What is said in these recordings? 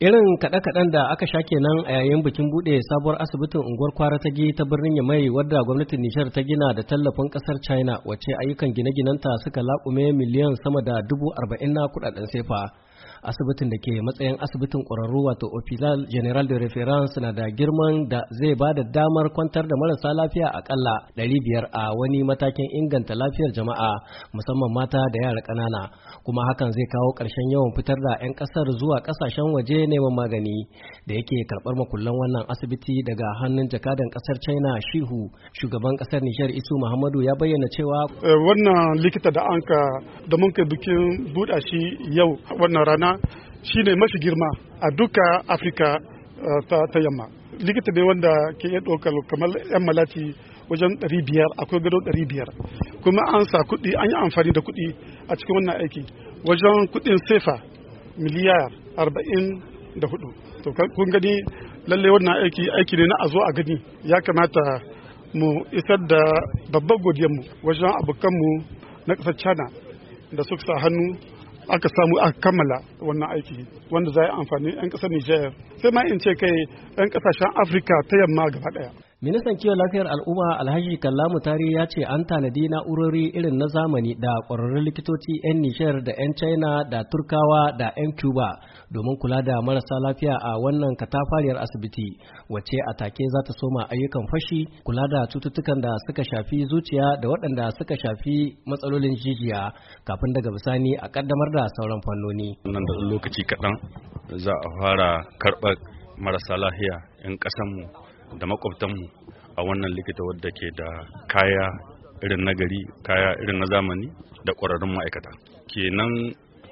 Irin kaɗe-kaɗen da aka sha kenan a yayin bikin buɗe sabuwar asibitin unguwar kwara ta gi ta birnin Yamai wadda gwamnatin Nijar ta gina da tallafin ƙasar China wacce ayyukan gine-ginenta suka laƙume miliyan sama da dubu arba'in na kuɗaɗen sefa. asibitin da ke matsayin asibitin ƙwararru wato ofisal general de reference na da girman da zai ba da damar kwantar da marasa lafiya akalla biyar a wani matakin inganta lafiyar jama'a musamman mata da yara ƙanana kuma hakan zai kawo ƙarshen yawan fitar da 'yan ƙasar zuwa ƙasashen waje neman magani da yake karɓar makullan wannan asibiti daga hannun jakadan ƙasar china shihu shugaban ƙasar nijar isu muhammadu ya bayyana cewa eh, wannan likita da anka da mun kai bikin buɗa shi yau wannan rana shine mafi girma a duka afirka eh, ta yamma likita ne wanda ke iya ɗaukar kamar yan malati wajen 500 akwai gado 500 kuma an sa kuɗi an yi amfani da kuɗi a cikin wannan aiki wajen kuɗin sefa miliyar 44 to kun gani lallai wannan aiki aiki ne na a zo a gani ya kamata mu isar da babbar godiyarmu wajen abokanmu na ƙasar china da suka sa hannu aka samu aka kammala wannan aiki wanda za a amfani 'yan ƙasar Nijar sai ma in ce kai 'yan ƙasashen Afirka ta yamma gaba ɗaya. Ministan kiwon lafiyar al'umma Alhaji Kallamu Tari ya ce an tanadi na'urori irin na zamani da ƙwararrun likitoci 'yan Nishar da 'yan China da Turkawa da 'yan Cuba domin kula da marasa lafiya a wannan katafariyar asibiti wacce a take za ta soma ayyukan fashi kula da cututtukan da suka shafi zuciya da waɗanda suka shafi matsalolin jijiya kafin daga bisani a ƙaddamar da sauran fannoni. Nan da lokaci kaɗan za a fara karɓar marasa lafiya 'yan ƙasanmu da makwabtanmu a wannan likita wadda ke da kaya irin nagari kaya irin na zamani da ƙwararrun ma'aikata kenan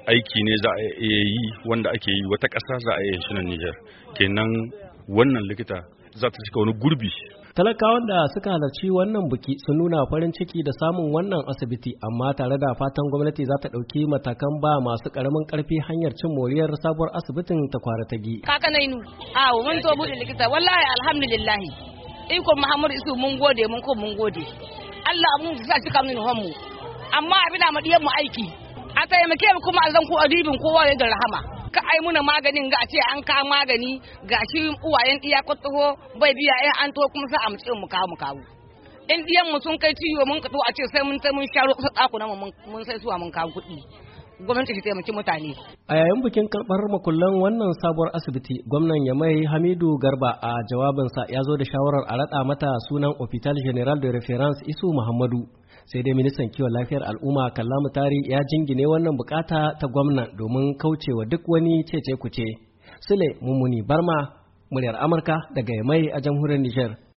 aiki ne za a yi wanda ake yi wata ƙasa za a iya shi na Nijar kenan wannan likita za ta cika wani gurbi talakawan da suka halarci wannan buki sun nuna farin ciki da samun wannan asibiti amma tare da fatan gwamnati za ta ɗauki matakan ba masu ƙaramin ƙarfi hanyar cin moriyar sabuwar asibitin ta kwara ta gi kaka awo mun zo buɗe likita wallahi alhamdulillah ikon muhammadu isu mun gode mun ko mun gode allah mun sa cika mun mu amma abin da mu aiki a taimake mu kuma a zan ku adibin kowa da rahama ka ai muna maganin ga ce an ka magani ga shi uwayen iya kwatsuho bai biya ai eh, an to kuma sa a mu mu kawo mu kawo in diyan mu sun kai ciwo mun ka a ce sai mun sai mun sharo su tsako na mun sai suwa mun kawo kuɗi gwamnati ta taimaki mutane. A yayin bikin karɓar makullan wannan sabuwar asibiti, gwamnan ya Yamai Hamidu Garba a jawabinsa ya zo da shawarar a raɗa mata sunan Hospital General de Reference Isu Muhammadu. Sai dai ministan kiwon lafiyar al'umma Kalla Tari ya jingine wannan bukata ta gwamnan domin kaucewa duk wani cece kuce. Sule Mummuni Barma, muryar Amurka daga Yamai a jamhuriyar Nijar.